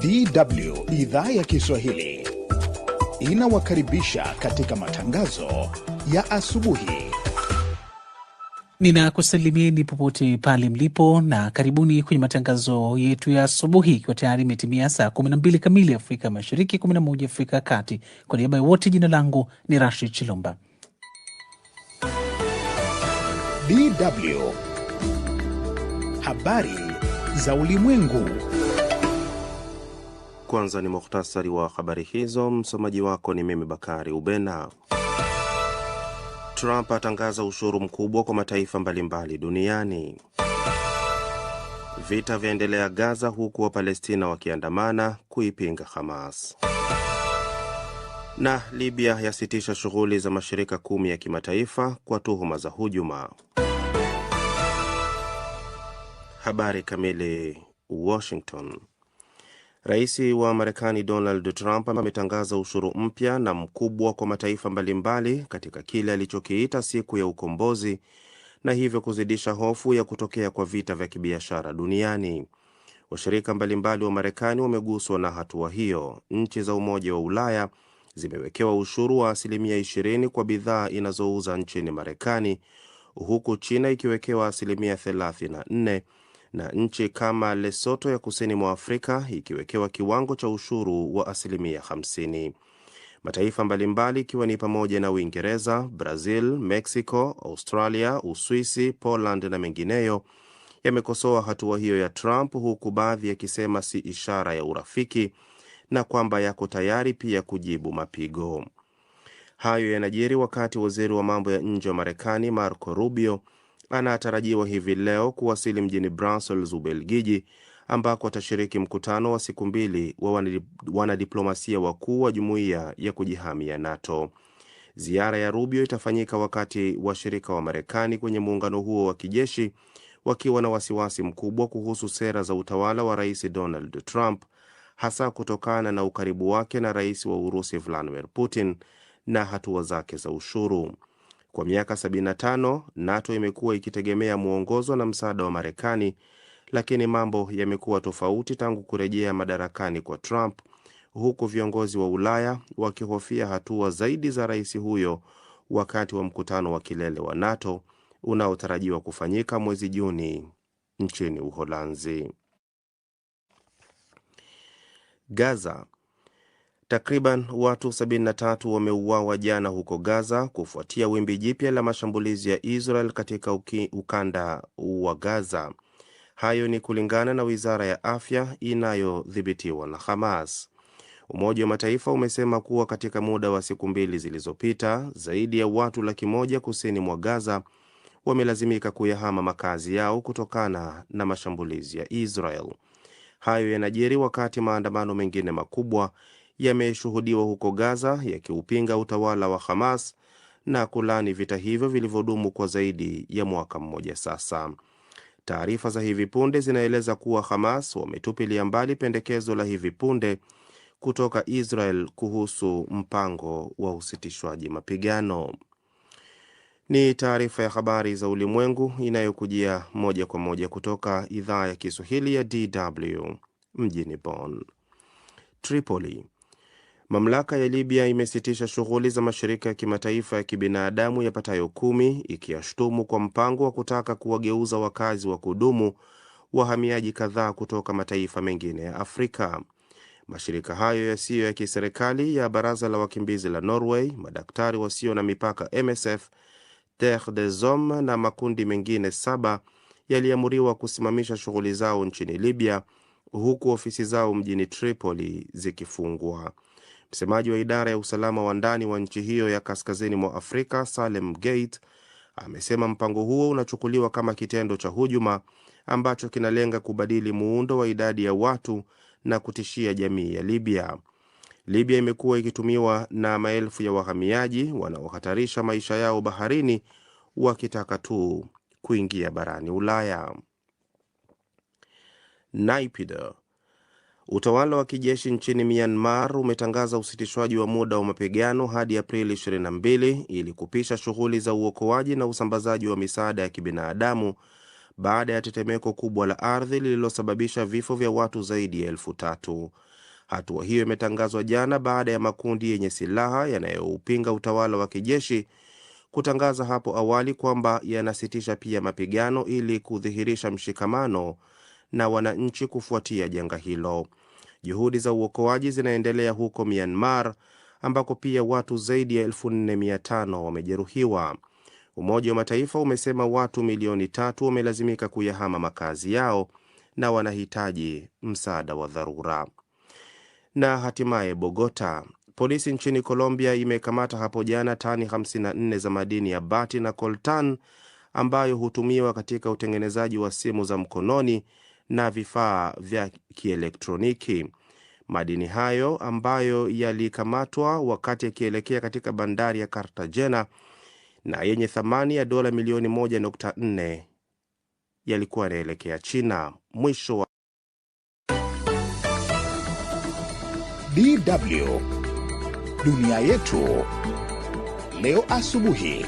DW idhaa ya Kiswahili inawakaribisha katika matangazo ya asubuhi. Ninakusalimieni popote pale mlipo na karibuni kwenye matangazo yetu ya asubuhi, ikiwa tayari imetimia saa 12 kamili Afrika Mashariki, 11 Afrika ya Kati. Kwa niaba ya wote, jina langu ni Rashid Chilumba. DW habari za ulimwengu kwanza ni muhtasari wa habari hizo, msomaji wako ni mimi Bakari Ubena. Trump atangaza ushuru mkubwa kwa mataifa mbalimbali duniani. Vita vyaendelea Gaza huku Wapalestina wakiandamana kuipinga Hamas. Na Libya yasitisha shughuli za mashirika kumi ya kimataifa kwa tuhuma za hujuma. Habari kamili. Washington. Rais wa Marekani Donald Trump ametangaza ushuru mpya na mkubwa kwa mataifa mbalimbali katika kile alichokiita siku ya ukombozi na hivyo kuzidisha hofu ya kutokea kwa vita vya kibiashara duniani. Washirika mbalimbali wa Marekani wameguswa na hatua hiyo. Nchi za Umoja wa Ulaya zimewekewa ushuru wa asilimia 20 kwa bidhaa inazouza nchini Marekani, huku China ikiwekewa asilimia 34 na nchi kama lesoto ya kusini mwa Afrika ikiwekewa kiwango cha ushuru wa asilimia 50. Mataifa mbalimbali ikiwa ni pamoja na Uingereza, Brazil, Mexico, Australia, Uswisi, Poland na mengineyo yamekosoa hatua hiyo ya Trump, huku baadhi yakisema si ishara ya urafiki na kwamba yako tayari pia kujibu mapigo. Hayo yanajiri wakati waziri wa mambo ya nje wa Marekani Marco Rubio anatarajiwa hivi leo kuwasili mjini Brussels, Ubelgiji, ambako atashiriki mkutano wa siku mbili wa wanadiplomasia wakuu wa jumuiya ya kujihami ya NATO. Ziara ya Rubio itafanyika wakati washirika wa Marekani kwenye muungano huo wa kijeshi wakiwa na wasiwasi mkubwa kuhusu sera za utawala wa Rais Donald Trump, hasa kutokana na ukaribu wake na rais wa Urusi Vladimir Putin na hatua zake za ushuru. Kwa miaka 75 NATO imekuwa ikitegemea mwongozo na msaada wa Marekani, lakini mambo yamekuwa tofauti tangu kurejea madarakani kwa Trump, huku viongozi wa Ulaya wakihofia hatua zaidi za rais huyo wakati wa mkutano wa kilele wa NATO unaotarajiwa kufanyika mwezi Juni nchini Uholanzi. Gaza Takriban watu 73 wameuawa jana huko Gaza kufuatia wimbi jipya la mashambulizi ya Israel katika uki, ukanda wa Gaza. Hayo ni kulingana na wizara ya afya inayodhibitiwa na Hamas. Umoja wa Mataifa umesema kuwa katika muda wa siku mbili zilizopita, zaidi ya watu laki moja kusini mwa Gaza wamelazimika kuyahama makazi yao kutokana na mashambulizi ya Israel. Hayo yanajiri wakati maandamano mengine makubwa yameshuhudiwa huko Gaza yakiupinga utawala wa Hamas na kulani vita hivyo vilivyodumu kwa zaidi ya mwaka mmoja sasa. Taarifa za hivi punde zinaeleza kuwa Hamas wametupilia mbali pendekezo la hivi punde kutoka Israel kuhusu mpango wa usitishwaji mapigano. Ni taarifa ya habari za ulimwengu inayokujia moja kwa moja kutoka idhaa ya Kiswahili ya DW mjini Bonn. Tripoli Mamlaka ya Libya imesitisha shughuli za mashirika ya kimataifa ya kibinadamu yapatayo kumi ikiyashutumu kwa mpango wa kutaka kuwageuza wakazi wa kudumu wahamiaji kadhaa kutoka mataifa mengine ya Afrika. Mashirika hayo yasiyo ya kiserikali ya Baraza la Wakimbizi la Norway, Madaktari Wasio na Mipaka MSF, Terre des Hommes na makundi mengine saba yaliamuriwa kusimamisha shughuli zao nchini Libya, huku ofisi zao mjini Tripoli zikifungwa. Msemaji wa idara ya usalama wa ndani wa nchi hiyo ya kaskazini mwa Afrika, Salem Gate, amesema mpango huo unachukuliwa kama kitendo cha hujuma ambacho kinalenga kubadili muundo wa idadi ya watu na kutishia jamii ya Libya. Libya imekuwa ikitumiwa na maelfu ya wahamiaji wanaohatarisha maisha yao baharini wakitaka tu kuingia barani Ulaya. NAIPIDA, Utawala wa kijeshi nchini Myanmar umetangaza usitishwaji wa muda wa mapigano hadi Aprili 22 ili kupisha shughuli za uokoaji na usambazaji wa misaada ya kibinadamu baada ya tetemeko kubwa la ardhi lililosababisha vifo vya watu zaidi ya elfu tatu. Hatua hiyo imetangazwa jana baada ya makundi yenye silaha yanayoupinga utawala wa kijeshi kutangaza hapo awali kwamba yanasitisha pia mapigano ili kudhihirisha mshikamano na wananchi kufuatia janga hilo. Juhudi za uokoaji zinaendelea huko Myanmar ambako pia watu zaidi ya 45 wamejeruhiwa. Umoja wa Mataifa umesema watu milioni tatu wamelazimika kuyahama makazi yao na wanahitaji msaada wa dharura. Na hatimaye Bogota, polisi nchini Colombia imekamata hapo jana tani 54 za madini ya bati na coltan ambayo hutumiwa katika utengenezaji wa simu za mkononi na vifaa vya kielektroniki. Madini hayo ambayo yalikamatwa wakati yakielekea katika bandari ya Cartagena na yenye thamani ya dola milioni 1.4 yalikuwa yanaelekea China. Mwisho wa DW Dunia Yetu Leo Asubuhi.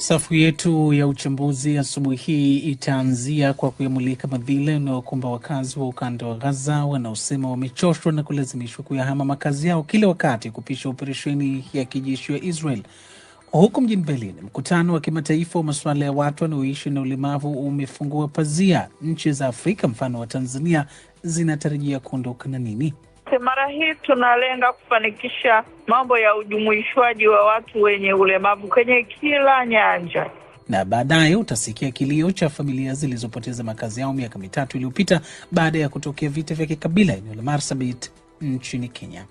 Safu yetu ya uchambuzi asubuhi hii itaanzia kwa kuyamulika madhila yanayokumba wakazi wa ukanda wa Gaza wanaosema wamechoshwa na kulazimishwa kuyahama makazi yao kila wakati kupisha operesheni ya kijeshi ya Israel. huku mjini Berlin, mkutano wa kimataifa wa masuala ya watu wanaoishi na ulemavu umefungua pazia. Nchi za Afrika mfano wa Tanzania zinatarajia kuondoka na nini? Mara hii tunalenga kufanikisha mambo ya ujumuishwaji wa watu wenye ulemavu kwenye kila nyanja. Na baadaye utasikia kilio cha familia zilizopoteza makazi yao miaka mitatu iliyopita baada ya kutokea vita vya kikabila eneo la Marsabit nchini Kenya.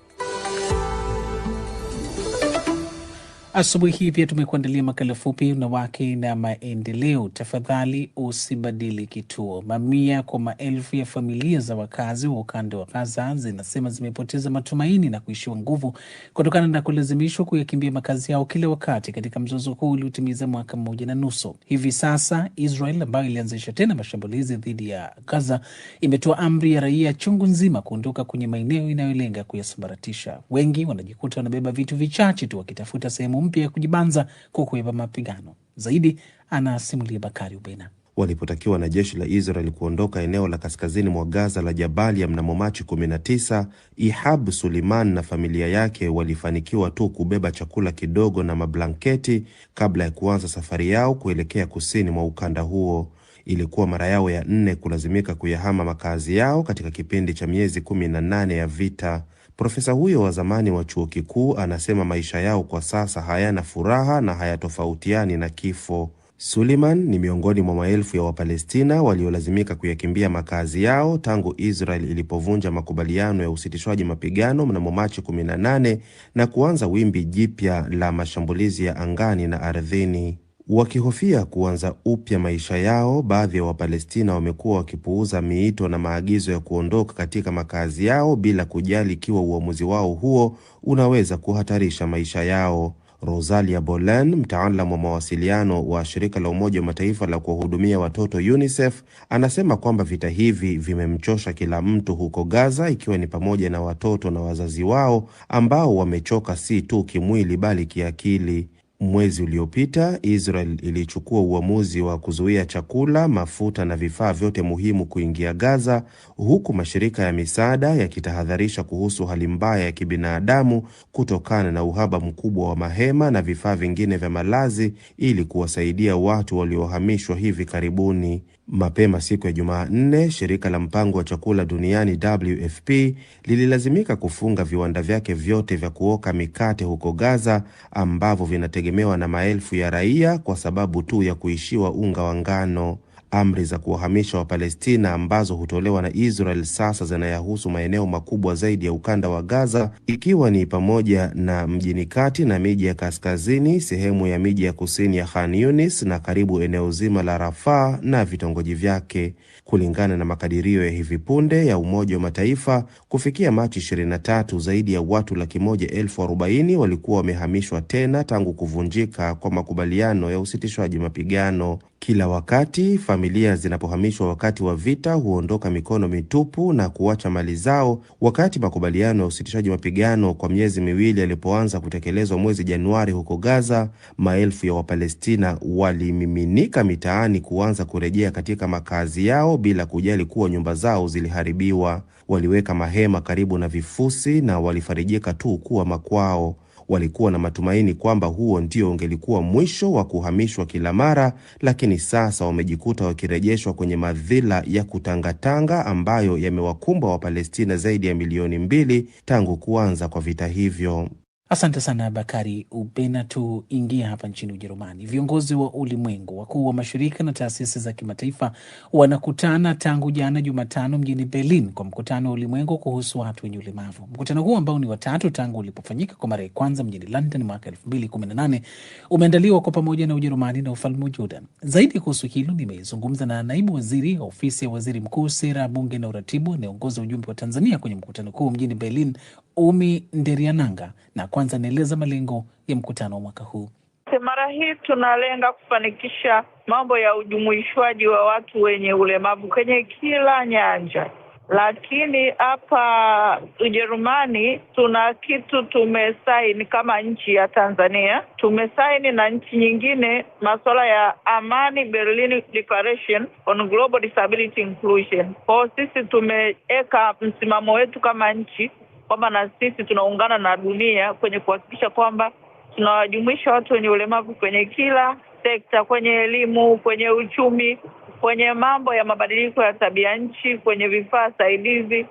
Asubuhi hii pia tumekuandalia makala fupi wanawake na maendeleo, tafadhali usibadili kituo. Mamia kwa maelfu ya familia za wakazi wa ukanda wa Gaza zinasema zimepoteza matumaini na kuishiwa nguvu kutokana na kulazimishwa kuyakimbia makazi yao kila wakati katika mzozo huu uliotimiza mwaka mmoja na nusu. Hivi sasa Israel ambayo ilianzisha tena mashambulizi dhidi ya Gaza imetoa amri ya raia chungu nzima kuondoka kwenye maeneo inayolenga kuyasambaratisha. Wengi wanajikuta wanabeba vitu vichache tu wakitafuta sehemu mpya ya kujibanza kwa mapigano. Zaidi anasimulia Bakari Ubena. Walipotakiwa na jeshi la Israeli kuondoka eneo la kaskazini mwa Gaza la Jabalia mnamo Machi 19, Ihab Suliman na familia yake walifanikiwa tu kubeba chakula kidogo na mablanketi kabla ya kuanza safari yao kuelekea kusini mwa ukanda huo. Ilikuwa mara yao ya nne kulazimika kuyahama makazi yao katika kipindi cha miezi 18 ya vita. Profesa huyo wa zamani wa chuo kikuu anasema maisha yao kwa sasa hayana furaha na hayatofautiani na kifo. Suliman ni miongoni mwa maelfu ya Wapalestina waliolazimika kuyakimbia makazi yao tangu Israel ilipovunja makubaliano ya usitishwaji mapigano mnamo Machi 18 na kuanza wimbi jipya la mashambulizi ya angani na ardhini. Wakihofia kuanza upya maisha yao, baadhi ya Wapalestina wamekuwa wakipuuza miito na maagizo ya kuondoka katika makazi yao bila kujali ikiwa uamuzi wao huo unaweza kuhatarisha maisha yao. Rosalia Bolan, mtaalamu wa mawasiliano wa shirika la Umoja wa Mataifa la kuwahudumia watoto UNICEF, anasema kwamba vita hivi vimemchosha kila mtu huko Gaza, ikiwa ni pamoja na watoto na wazazi wao ambao wamechoka si tu kimwili bali kiakili. Mwezi uliopita Israel ilichukua uamuzi wa kuzuia chakula, mafuta na vifaa vyote muhimu kuingia Gaza, huku mashirika ya misaada yakitahadharisha kuhusu hali mbaya ya kibinadamu kutokana na uhaba mkubwa wa mahema na vifaa vingine vya malazi ili kuwasaidia watu waliohamishwa hivi karibuni. Mapema siku ya Jumanne, shirika la mpango wa chakula duniani WFP lililazimika kufunga viwanda vyake vyote vya kuoka mikate huko Gaza ambavyo vinategemewa na maelfu ya raia kwa sababu tu ya kuishiwa unga wa ngano. Amri za kuwahamisha Wapalestina ambazo hutolewa na Israel sasa zinayahusu maeneo makubwa zaidi ya ukanda wa Gaza, ikiwa ni pamoja na mjini kati na miji ya kaskazini, sehemu ya miji ya kusini ya Khan Yunis na karibu eneo zima la Rafaa na vitongoji vyake, kulingana na makadirio ya hivi punde ya Umoja wa Mataifa. Kufikia Machi 23, zaidi ya watu laki moja elfu arobaini walikuwa wamehamishwa tena tangu kuvunjika kwa makubaliano ya usitishwaji mapigano. Kila wakati familia zinapohamishwa wakati wa vita huondoka mikono mitupu na kuacha mali zao. Wakati makubaliano ya usitishaji mapigano kwa miezi miwili yalipoanza kutekelezwa mwezi Januari huko Gaza, maelfu ya Wapalestina walimiminika mitaani kuanza kurejea katika makazi yao bila kujali kuwa nyumba zao ziliharibiwa. Waliweka mahema karibu na vifusi na walifarijika tu kuwa makwao walikuwa na matumaini kwamba huo ndio ungelikuwa mwisho wa kuhamishwa kila mara, lakini sasa wamejikuta wakirejeshwa kwenye madhila ya kutangatanga ambayo yamewakumba Wapalestina zaidi ya milioni mbili tangu kuanza kwa vita hivyo. Asante sana Bakari Ubena. tuingia hapa nchini Ujerumani. Viongozi wa ulimwengu, wakuu wa mashirika na taasisi za kimataifa wanakutana tangu jana Jumatano mjini Berlin kwa mkutano wa ulimwengu kuhusu watu wenye ulemavu. Mkutano huu ambao ni watatu tangu ulipofanyika kwa mara ya kwanza mjini London mwaka nane umeandaliwa kwa pamoja na Ujerumani na ufalme wa Jordan. Zaidi kuhusu hilo, nimezungumza na naibu waziri ofisi ya waziri mkuu, sera, bunge na uratibu, anayeongoza ujumbe wa Tanzania kwenye mkutano huu mjini Berlin, Umi Nderiananga, na kwanza anaeleza malengo ya mkutano wa mwaka huu. Mara hii tunalenga kufanikisha mambo ya ujumuishwaji wa watu wenye ulemavu kwenye kila nyanja, lakini hapa Ujerumani tuna kitu tumesaini kama nchi ya Tanzania, tumesaini na nchi nyingine masuala ya amani, Berlin Declaration on Global Disability Inclusion. Kwao sisi tumeweka msimamo wetu kama nchi kwamba na sisi tunaungana na dunia kwenye kuhakikisha kwamba tunawajumuisha watu wenye ulemavu kwenye kila sekta, kwenye elimu, kwenye uchumi, kwenye mambo ya mabadiliko ya tabia nchi, kwenye vifaa saidizi.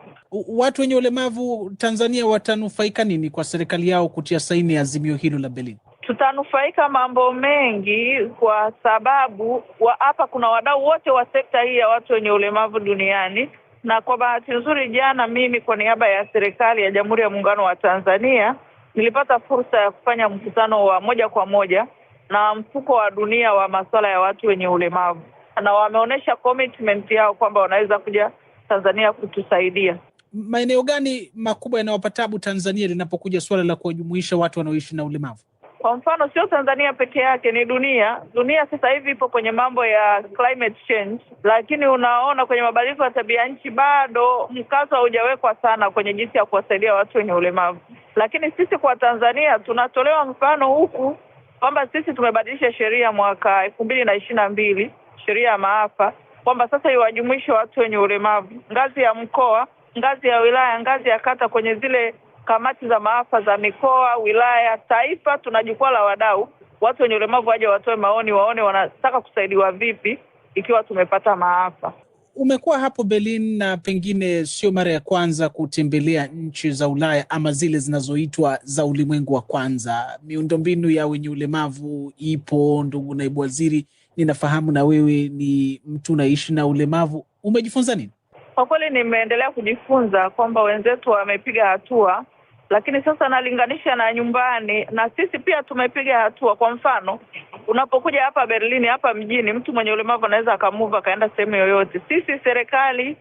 Watu wenye ulemavu Tanzania watanufaika nini kwa serikali yao kutia saini ya azimio hilo la Berlin? Tutanufaika mambo mengi kwa sababu hapa kuna wadau wote wa sekta hii ya watu wenye ulemavu duniani na kwa bahati nzuri jana mimi kwa niaba ya serikali ya Jamhuri ya Muungano wa Tanzania nilipata fursa ya kufanya mkutano wa moja kwa moja na mfuko wa dunia wa masuala ya watu wenye ulemavu, na wameonyesha commitment yao kwamba wanaweza kuja Tanzania kutusaidia. Maeneo gani makubwa yanayopata tabu Tanzania linapokuja suala la kuwajumuisha watu wanaoishi na ulemavu? Kwa mfano sio Tanzania peke yake, ni dunia. Dunia sasa hivi ipo kwenye mambo ya climate change, lakini unaona kwenye mabadiliko ya tabia nchi bado mkazo haujawekwa sana kwenye jinsi ya kuwasaidia watu wenye ulemavu. Lakini sisi kwa Tanzania tunatolewa mfano huku kwamba sisi tumebadilisha sheria mwaka elfu mbili na ishirini na mbili, sheria ya maafa kwamba sasa iwajumuishe watu wenye ulemavu ngazi ya mkoa, ngazi ya wilaya, ngazi ya kata kwenye zile kamati za maafa za mikoa, wilaya, taifa, tuna jukwaa la wadau, watu wenye ulemavu waje watoe maoni, waone wanataka kusaidiwa vipi ikiwa tumepata maafa. Umekuwa hapo Berlin na pengine sio mara ya kwanza kutembelea nchi za Ulaya ama zile zinazoitwa za ulimwengu wa kwanza. Miundombinu ya wenye ulemavu ipo, ndugu naibu waziri, ninafahamu na wewe ni mtu unaishi na ulemavu, umejifunza nini? Kwa kweli nimeendelea kujifunza kwamba wenzetu wamepiga hatua lakini sasa nalinganisha na nyumbani, na sisi pia tumepiga hatua. Kwa mfano, unapokuja hapa Berlin, hapa mjini, mtu mwenye ulemavu anaweza akamuva akaenda sehemu yoyote. Sisi serikali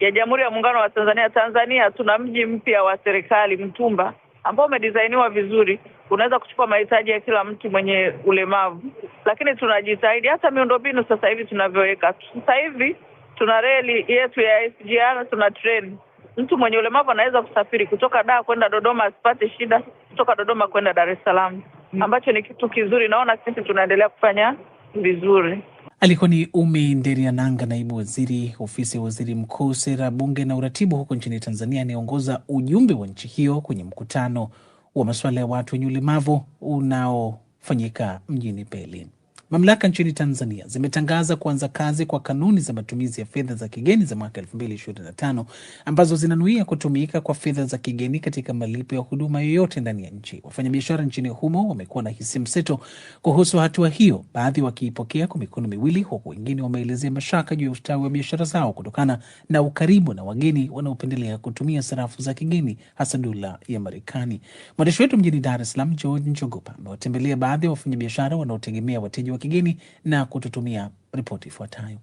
ya Jamhuri ya Muungano wa Tanzania, Tanzania tuna mji mpya wa serikali Mtumba ambao umedisainiwa vizuri, unaweza kuchukua mahitaji ya kila mtu mwenye ulemavu, lakini tunajitahidi hata miundombinu sasa hivi tunavyoweka. Sasa hivi tuna reli yetu ya SGR, tuna treni mtu mwenye ulemavu anaweza kusafiri kutoka Dar kwenda Dodoma asipate shida, kutoka Dodoma kwenda Dar es Salaam mm. ambacho ni kitu kizuri. Naona sisi tunaendelea kufanya vizuri. Alikuwa ni Umi Nderiananga, naibu waziri ofisi ya waziri mkuu, sera, bunge na uratibu huko nchini Tanzania, anayeongoza ujumbe wa nchi hiyo kwenye mkutano wa masuala ya watu wenye ulemavu unaofanyika mjini Berlin. Mamlaka nchini Tanzania zimetangaza kuanza kazi kwa kanuni za matumizi ya fedha za kigeni za mwaka 2025 ambazo zinanuia kutumika kwa fedha za kigeni katika malipo ya huduma yoyote ndani ya nchi. Wafanyabiashara nchini humo wamekuwa na hisia mseto kuhusu hatua hiyo, baadhi wakiipokea kwa mikono miwili, huku wengine wameelezea mashaka juu ya ustawi wa biashara zao kutokana na ukaribu na wageni wanaopendelea kutumia sarafu za kigeni, hasa dola ya Marekani. Mwandishi wetu mjini Dar es Salaam, George Njogopa, amewatembelea baadhi ya wafanyabiashara wanaotegemea wateja wa kigeni na kututumia ripoti ifuatayo.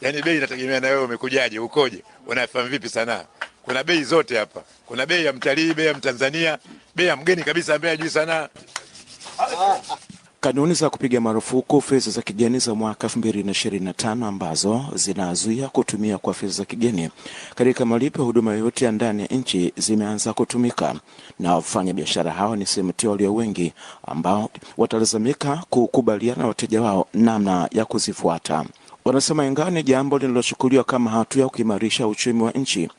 Yaani bei inategemea na wewe umekujaje, ukoje, unafahamu vipi sanaa. Kuna bei zote hapa, kuna bei ya mtalii, bei ya Mtanzania, bei ya mgeni kabisa ambaye ajui sanaa. Kanuni za kupiga marufuku fedha za kigeni za mwaka 2025 ambazo zinazuia kutumia kwa fedha za kigeni katika malipo ya huduma yoyote ya ndani ya nchi zimeanza kutumika, na wafanya biashara hao ni sehemu tu walio wengi ambao watalazimika kukubaliana na wateja wao namna ya kuzifuata. Wanasema ingawa ni jambo linalochukuliwa kama hatua ya kuimarisha uchumi wa nchi,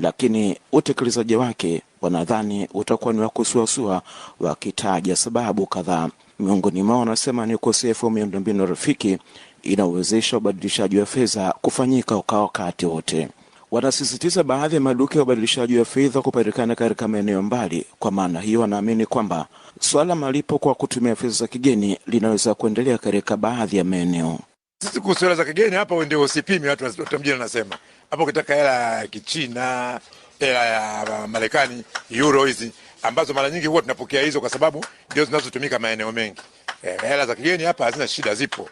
lakini utekelezaji wake wanadhani utakuwa ni wa kusuasua, wakitaja sababu kadhaa Miongoni mwao wanasema ni ukosefu wa miundombinu rafiki inawezesha ubadilishaji wa fedha kufanyika kwa wakati wote. Wanasisitiza baadhi ya maduka ya ubadilishaji wa fedha kupatikana katika maeneo mbali. Kwa maana hiyo, wanaamini kwamba swala malipo kwa kutumia fedha za kigeni linaweza kuendelea katika baadhi ya maeneo. Sisi kuhusu hela za kigeni hapa ndio usipimi, watu watamjini wanasema hapo, ukitaka hela ya Kichina, hela ya Marekani, euro hizi ambazo mara nyingi huwa tunapokea hizo kwa sababu ndio zinazotumika maeneo mengi. Eh, hela za kigeni hapa hazina shida, zipo.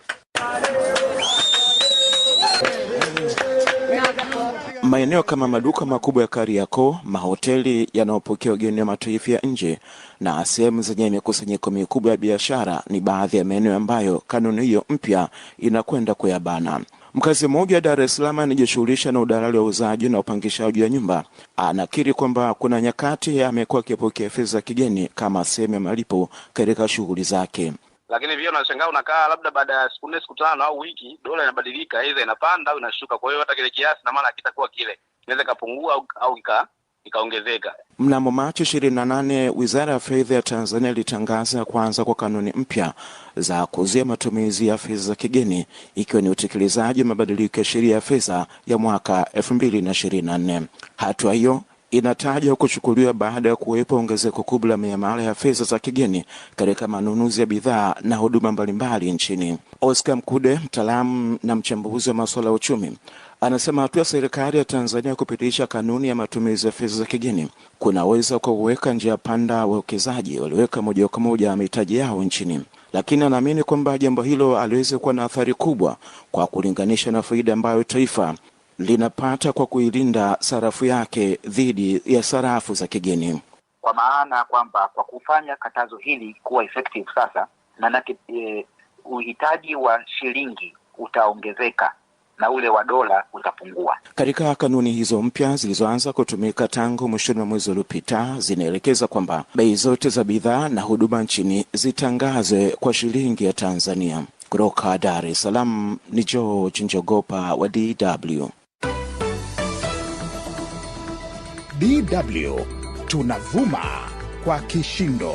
Maeneo kama maduka makubwa ya Kariakoo, mahoteli yanayopokea wageni wa mataifa ya nje na sehemu zenye mikusanyiko mikubwa ya biashara ni baadhi ya maeneo ambayo kanuni hiyo mpya inakwenda kuyabana. Mkazi mmoja wa Dar es Salaam anajishughulisha na udalali wa uzaji na upangishaji wa nyumba anakiri kwamba kuna nyakati amekuwa akipokea fedha kigeni kama sehemu ya malipo katika shughuli zake. Lakini pia unashangaa, unakaa labda baada ya siku nne, siku tano au wiki, dola inabadilika, aidha inapanda au inashuka. Kwa hiyo hata kile kiasi na maana kitakuwa kile, inaweza ikapungua au, au ikaongezeka. Mnamo Machi ishirini na nane Wizara ya Fedha ya Tanzania ilitangaza kuanza kwa kanuni mpya za kuzuia matumizi ya fedha za kigeni ikiwa ni utekelezaji wa mabadiliko ya sheria ya fedha ya mwaka elfu mbili na ishirini na nne. Hatua hiyo inataja kuchukuliwa baada ya kuwepo ongezeko kubwa la miamala ya fedha za kigeni katika manunuzi ya bidhaa na huduma mbalimbali nchini. Oscar Mkude, mtaalamu na mchambuzi wa masuala ya uchumi, anasema hatua ya serikali ya Tanzania kupitisha kanuni ya matumizi ya fedha za kigeni kunaweza kuweka njia panda wawekezaji walioweka moja kwa moja mahitaji yao nchini, lakini anaamini kwamba jambo hilo aliweze kuwa na athari kubwa kwa kulinganisha na faida ambayo taifa linapata kwa kuilinda sarafu yake dhidi ya sarafu za kigeni, kwa maana kwamba kwa kufanya katazo hili kuwa effective sasa, maanake eh, uhitaji wa shilingi utaongezeka na ule wa dola utapungua. Katika kanuni hizo mpya zilizoanza kutumika tangu mwishoni mwa mwezi uliopita, zinaelekeza kwamba bei zote za bidhaa na huduma nchini zitangazwe kwa shilingi ya Tanzania. Kutoka Dar es Salaam ni George Njogopa wa DW. DW tunavuma kwa kishindo.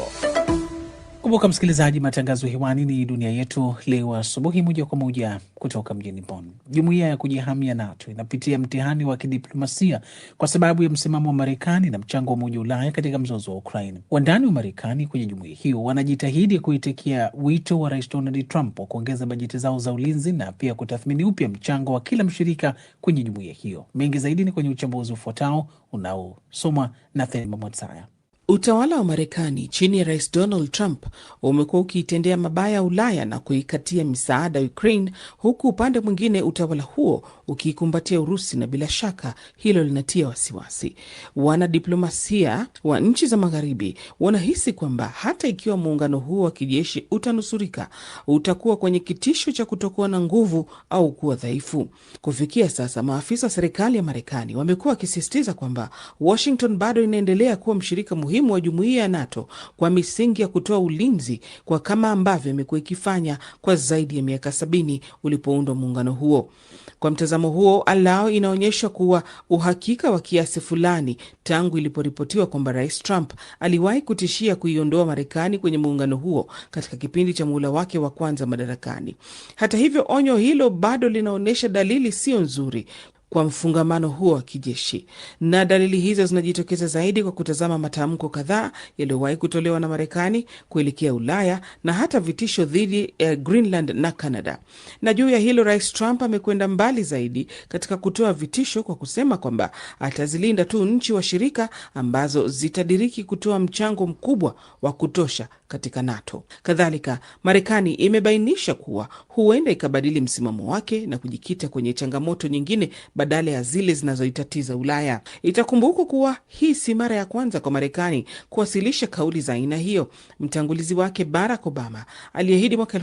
Kumbuka msikilizaji, matangazo hewani ni dunia yetu leo asubuhi, moja kwa moja kutoka mjini bon Jumuiya ya kujihamia NATO inapitia mtihani wa kidiplomasia kwa sababu ya msimamo wa Marekani na mchango wa Umoja wa Ulaya katika mzozo wa Ukraine. Wandani wa Marekani kwenye jumuiya hiyo wanajitahidi kuitikia wito wa Rais Donald Trump wa kuongeza bajeti zao za ulinzi na pia kutathmini upya mchango wa kila mshirika kwenye jumuiya hiyo. Mengi zaidi ni kwenye uchambuzi ufuatao unaosomwa na Utawala wa Marekani chini ya Rais Donald Trump umekuwa ukiitendea mabaya Ulaya na kuikatia misaada Ukraine, huku upande mwingine utawala huo ukiikumbatia Urusi, na bila shaka hilo linatia wasiwasi. Wanadiplomasia wa nchi za Magharibi wanahisi kwamba hata ikiwa muungano huo wa kijeshi utanusurika, utakuwa kwenye kitisho cha kutokuwa na nguvu au kuwa dhaifu. Kufikia sasa, maafisa wa serikali ya Marekani wamekuwa wakisisitiza kwamba Washington bado inaendelea kuwa mshirika muhimu umuhimu wa jumuiya ya NATO kwa misingi ya kutoa ulinzi kwa kama ambavyo imekuwa ikifanya kwa zaidi ya miaka sabini ulipoundwa muungano huo. Kwa mtazamo huo, alao inaonyesha kuwa uhakika wa kiasi fulani tangu iliporipotiwa kwamba Rais Trump aliwahi kutishia kuiondoa Marekani kwenye muungano huo katika kipindi cha muhula wake wa kwanza madarakani. Hata hivyo, onyo hilo bado linaonyesha dalili siyo nzuri kwa mfungamano huo wa kijeshi, na dalili hizo zinajitokeza zaidi kwa kutazama matamko kadhaa yaliyowahi kutolewa na Marekani kuelekea Ulaya na hata vitisho dhidi ya Greenland na Canada. Na juu ya hilo, Rais Trump amekwenda mbali zaidi katika kutoa vitisho kwa kusema kwamba atazilinda tu nchi wa shirika ambazo zitadiriki kutoa mchango mkubwa wa kutosha katika NATO. Kadhalika, Marekani imebainisha kuwa huenda ikabadili msimamo wake na kujikita kwenye changamoto nyingine badala ya zile zinazoitatiza Ulaya. Itakumbukwa kuwa hii si mara ya kwanza kwa Marekani kuwasilisha kauli za aina hiyo. Mtangulizi wake Barack Obama aliahidi mwaka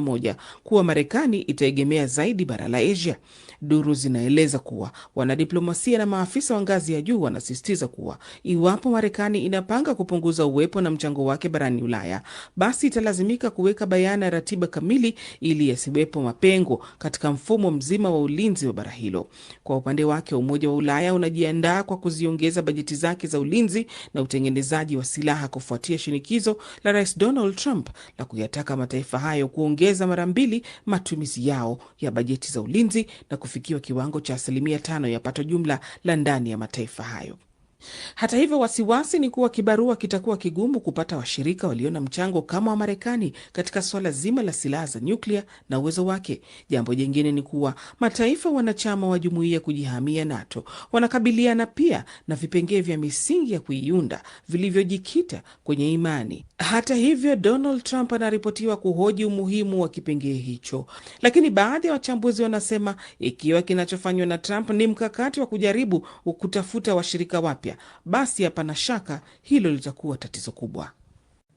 moja kuwa Marekani itaegemea zaidi bara la Asia. Duru zinaeleza kuwa wanadiplomasia na maafisa wa ngazi ya juu wanasisitiza kuwa iwapo Marekani inapanga kupunguza uwepo na mchango wake barani Ulaya, basi italazimika kuweka bayana ratiba kamili ili yasiwepo mapengo katika mfumo mzima wa ulinzi wa bara hilo. Kwa upande wake, Umoja wa Ulaya unajiandaa kwa kuziongeza bajeti zake za ulinzi na utengenezaji wa silaha kufuatia shinikizo la Rais Donald Trump la kuyataka mataifa hayo kuongeza mara mbili matumizi yao ya bajeti za ulinzi na kufikiwa kiwango cha asilimia tano ya pato jumla la ndani ya mataifa hayo. Hata hivyo, wasiwasi ni kuwa kibarua kitakuwa kigumu kupata washirika walio na mchango kama wa Marekani katika swala zima la silaha za nyuklia na uwezo wake. Jambo jingine ni kuwa mataifa wanachama wa jumuiya kujihamia NATO wanakabiliana pia na vipengee vya misingi ya kuiunda vilivyojikita kwenye imani. Hata hivyo, Donald Trump anaripotiwa kuhoji umuhimu wa kipengee hicho, lakini baadhi ya wachambuzi wanasema ikiwa kinachofanywa na Trump ni mkakati wa kujaribu kutafuta washirika wapya mpya, basi hapana shaka hilo litakuwa tatizo kubwa.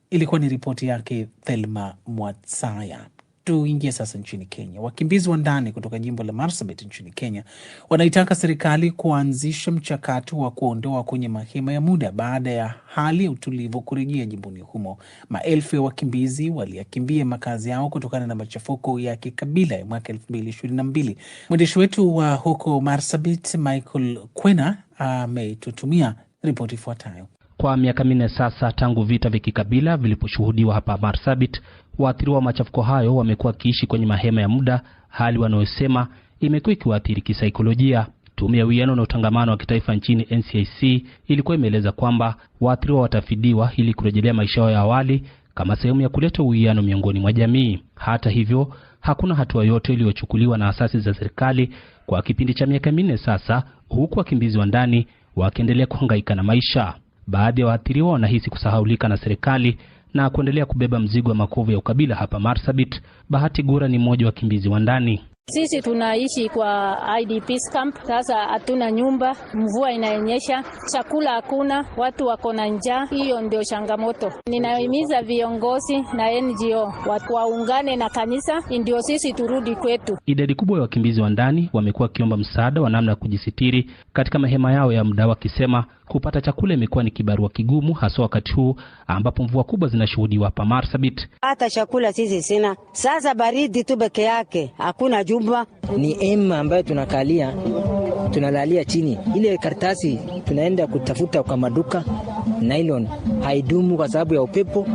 Ilikuwa ni ripoti yake Thelma Mwatsaya. Tuingie sasa nchini Kenya. Wakimbizi wa ndani kutoka jimbo la Marsabit nchini Kenya wanaitaka serikali kuanzisha mchakato wa kuondoa kwenye mahema ya muda baada ya hali ya utulivu kurejea jimboni humo. Maelfu ya wakimbizi waliyakimbia makazi yao kutokana na machafuko ya kikabila ya mwaka elfu mbili ishirini na mbili. Mwandishi wetu wa huko Marsabit, Michael Kwena, ametutumia ripoti ifuatayo. Kwa miaka minne sasa tangu vita vya kikabila viliposhuhudiwa hapa Marsabit, waathiriwa wa machafuko hayo wamekuwa wakiishi kwenye mahema ya muda, hali wanayosema imekuwa ikiwaathiri kisaikolojia. Tume ya Uwiano na Utangamano wa Kitaifa nchini NCIC ilikuwa imeeleza kwamba waathiriwa watafidiwa ili kurejelea maisha yao ya awali kama sehemu ya kuleta uwiano miongoni mwa jamii. Hata hivyo, hakuna hatua yote iliyochukuliwa na asasi za serikali kwa kipindi cha miaka minne sasa, huku wakimbizi wa ndani wakiendelea kuhangaika na maisha. Baadhi ya waathiriwa wanahisi kusahaulika na serikali na kuendelea kubeba mzigo wa makovu ya ukabila hapa Marsabit. Bahati Gura ni mmoja wa wakimbizi wa ndani. Sisi tunaishi kwa IDPs camp. Sasa hatuna nyumba, mvua inaenyesha chakula hakuna, watu wako na njaa. Hiyo ndio changamoto. Ninahimiza viongozi na NGO waungane na kanisa ndio sisi turudi kwetu. Idadi kubwa ya wakimbizi wa ndani wamekuwa wakiomba msaada wa namna ya kujisitiri katika mahema yao ya muda, wakisema kupata chakula imekuwa ni kibarua kigumu, hasa wakati huu ambapo mvua kubwa zinashuhudiwa hapa Marsabit. Hata chakula sisi sina, sasa baridi tu peke yake, hakuna jumba, ni ema ambayo tunakalia, tunalalia chini. Ile karatasi tunaenda kutafuta kwa maduka nylon haidumu kwa sababu ya upepo,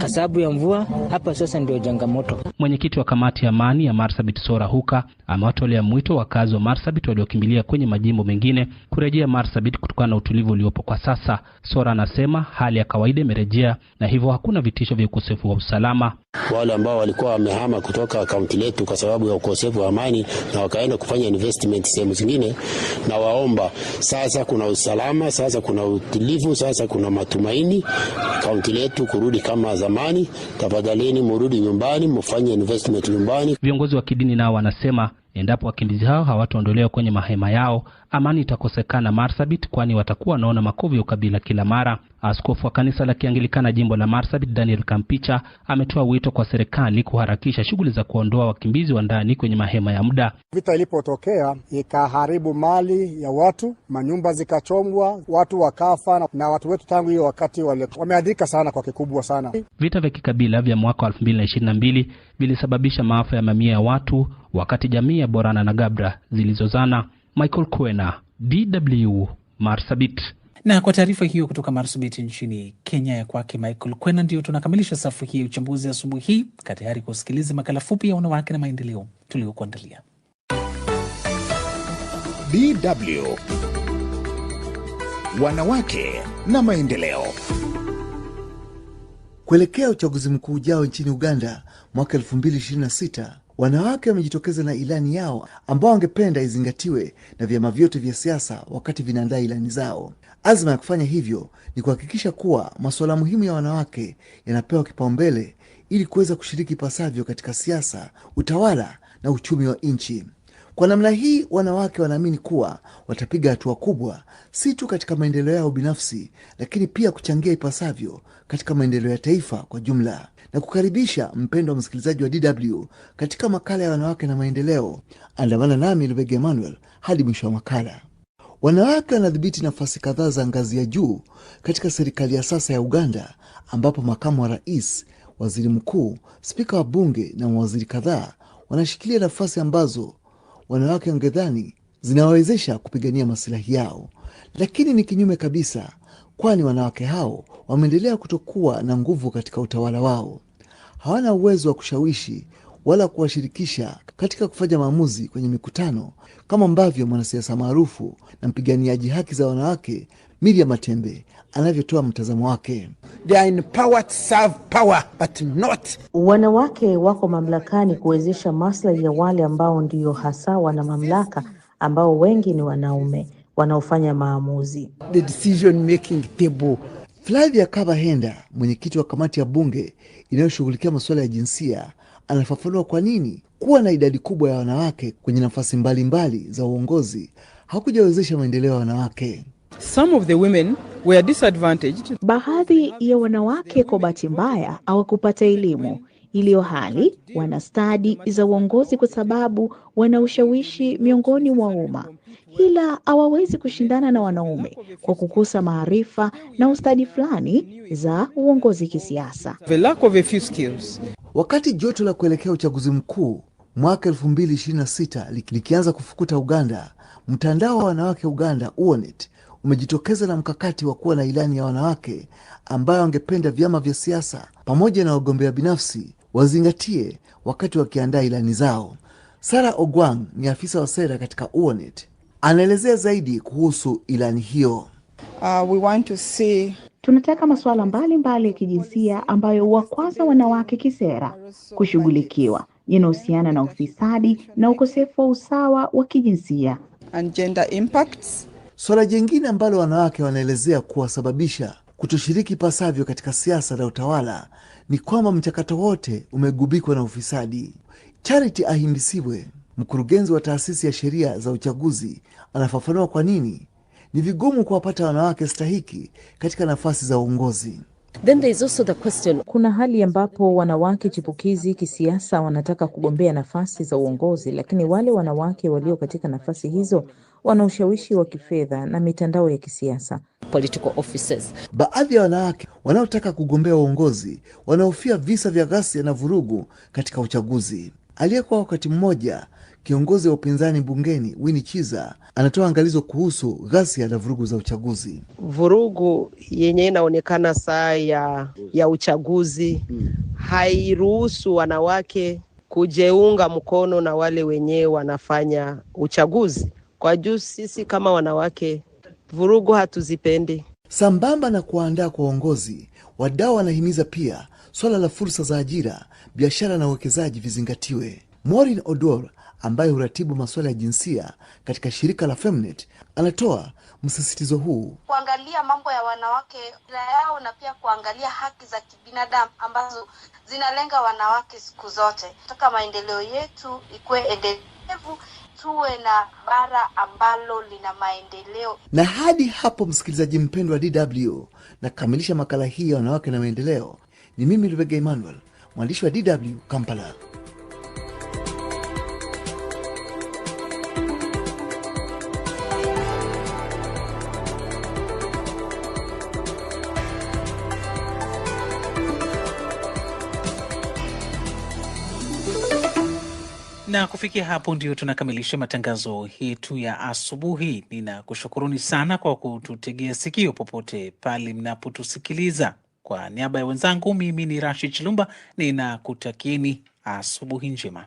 kwa sababu ya mvua. Hapa sasa ndio changamoto. Mwenyekiti wa kamati ya amani ya Marsabit Sora Huka amewatolea mwito wakazi wa Marsabit waliokimbilia kwenye majimbo mengine kurejea Marsabit kutokana na utulivu utulivu uliopo kwa sasa. Sora anasema hali ya kawaida imerejea na hivyo hakuna vitisho vya ukosefu wa usalama wale ambao walikuwa wamehama kutoka kaunti letu kwa sababu ya ukosefu wa amani na wakaenda kufanya investment sehemu zingine, na waomba sasa kuna usalama, sasa kuna utulivu, sasa kuna matumaini kaunti letu kurudi kama zamani. Tafadhalini murudi nyumbani, mfanye investment nyumbani. Viongozi wa kidini nao wanasema endapo wakimbizi hao hawataondolewa kwenye mahema yao, amani itakosekana Marsabit, kwani watakuwa wanaona makovu ya ukabila kila mara. Askofu wa kanisa la Kianglikana jimbo la Marsabit Daniel Kampicha ametoa wito kwa serikali kuharakisha shughuli za kuondoa wakimbizi wa ndani kwenye mahema ya muda. Vita ilipotokea ikaharibu mali ya watu, manyumba zikachomwa, watu wakafa, na watu wetu tangu hiyo wakati wale wameadhirika sana kwa kikubwa sana. Vita vya kikabila vya mwaka 2022 vilisababisha maafa ya mamia ya watu, wakati jamii ya Borana na Gabra zilizozana. Michael Kwena, DW, Marsabit. Na kwa taarifa hiyo kutoka Marsabit nchini Kenya ya kwake Michael Kwena, ndio tunakamilisha safu hii ya uchambuzi asubuhi hii. katayari tayari kusikiliza makala fupi ya wanawake na maendeleo tuliokuandalia. DW wanawake na maendeleo. Kuelekea uchaguzi mkuu ujao nchini Uganda mwaka 2026 wanawake wamejitokeza na ilani yao ambao wangependa izingatiwe na vyama vyote vya siasa wakati vinaandaa ilani zao. Azma ya kufanya hivyo ni kuhakikisha kuwa masuala muhimu ya wanawake yanapewa kipaumbele ili kuweza kushiriki ipasavyo katika siasa, utawala na uchumi wa nchi. Kwa namna hii, wanawake wanaamini kuwa watapiga hatua kubwa, si tu katika maendeleo yao binafsi, lakini pia kuchangia ipasavyo katika maendeleo ya taifa kwa jumla. Na kukaribisha mpendo wa msikilizaji wa DW katika makala ya wanawake na maendeleo. Andamana nami Lubege Emmanuel hadi mwisho wa makala. Wanawake wanadhibiti nafasi kadhaa za ngazi ya juu katika serikali ya sasa ya Uganda, ambapo makamu wa rais, waziri mkuu, spika wa bunge na mawaziri kadhaa wanashikilia nafasi ambazo wanawake wangedhani zinawawezesha kupigania masilahi yao, lakini ni kinyume kabisa, kwani wanawake hao wameendelea kutokuwa na nguvu katika utawala wao. Hawana uwezo wa kushawishi wala kuwashirikisha katika kufanya maamuzi kwenye mikutano kama ambavyo mwanasiasa maarufu na mpiganiaji haki za wanawake Miriam Matembe anavyotoa mtazamo wake. They are to serve power, but not. Wanawake wako mamlakani kuwezesha maslahi ya wale ambao ndiyo hasa wana mamlaka, ambao wengi ni wanaume wanaofanya maamuzi. The decision making table. Flavia Kabahenda, mwenyekiti wa kamati ya bunge inayoshughulikia masuala ya jinsia anafafanua kwa nini kuwa na idadi kubwa ya wanawake kwenye nafasi mbalimbali mbali za uongozi hakujawezesha maendeleo ya wanawake. Some of the women were disadvantaged. Baadhi ya wanawake kwa bahati mbaya hawakupata elimu iliyo hali, wana stadi za uongozi kwa sababu wana ushawishi miongoni mwa umma, ila hawawezi kushindana na wanaume kwa kukosa maarifa na ustadi fulani za uongozi kisiasa. Wakati joto la kuelekea uchaguzi mkuu mwaka 2026 likianza kufukuta Uganda, mtandao wa wanawake Uganda UONET umejitokeza na mkakati wa kuwa na ilani ya wanawake ambayo wangependa vyama vya siasa pamoja na wagombea binafsi wazingatie wakati wakiandaa ilani zao. Sara Ogwang ni afisa wa sera katika UONET, anaelezea zaidi kuhusu ilani hiyo. Uh, we want to see Tunataka masuala mbalimbali ya kijinsia ambayo wa kwanza wanawake kisera kushughulikiwa yanahusiana na ufisadi na ukosefu wa usawa wa kijinsia. Swala jingine ambalo wanawake wanaelezea kuwasababisha kutoshiriki pasavyo katika siasa na utawala ni kwamba mchakato wote umegubikwa na ufisadi. Charity Ahindisiwe, mkurugenzi wa taasisi ya sheria za uchaguzi, anafafanua kwa nini ni vigumu kuwapata wanawake stahiki katika nafasi za uongozi. Then there is also the question. Kuna hali ambapo wanawake chipukizi kisiasa wanataka kugombea nafasi za uongozi, lakini wale wanawake walio katika nafasi hizo wana ushawishi wa kifedha na mitandao ya kisiasa. Political offices. Baadhi ya wanawake wanaotaka kugombea uongozi wanahofia visa vya ghasia na vurugu katika uchaguzi. Aliyekuwa wakati mmoja Kiongozi wa upinzani bungeni Winnie Chiza anatoa angalizo kuhusu ghasia na vurugu za uchaguzi. Vurugu yenye inaonekana saa ya, ya uchaguzi hmm. hairuhusu wanawake kujeunga mkono na wale wenyewe wanafanya uchaguzi. Kwa juu sisi kama wanawake vurugu hatuzipendi. Sambamba na kuwaandaa kwa uongozi, wadau wanahimiza pia swala la fursa za ajira, biashara na uwekezaji vizingatiwe. Morin Odor ambaye huratibu masuala ya jinsia katika shirika la Femnet anatoa msisitizo huu: kuangalia mambo ya wanawake yao na pia kuangalia haki za kibinadamu ambazo zinalenga wanawake siku zote. toka maendeleo yetu ikuwe endelevu, tuwe na bara ambalo lina maendeleo. Na hadi hapo, msikilizaji mpendwa wa DW, nakamilisha makala hii ya wanawake na maendeleo. Ni mimi Lubega Emmanuel, mwandishi wa DW Kampala. kufikia hapo ndio tunakamilisha matangazo yetu ya asubuhi. Ninakushukuruni sana kwa kututegea sikio popote pale mnapotusikiliza. Kwa niaba ya wenzangu, mimi ni Rashid Chilumba, ninakutakieni asubuhi njema.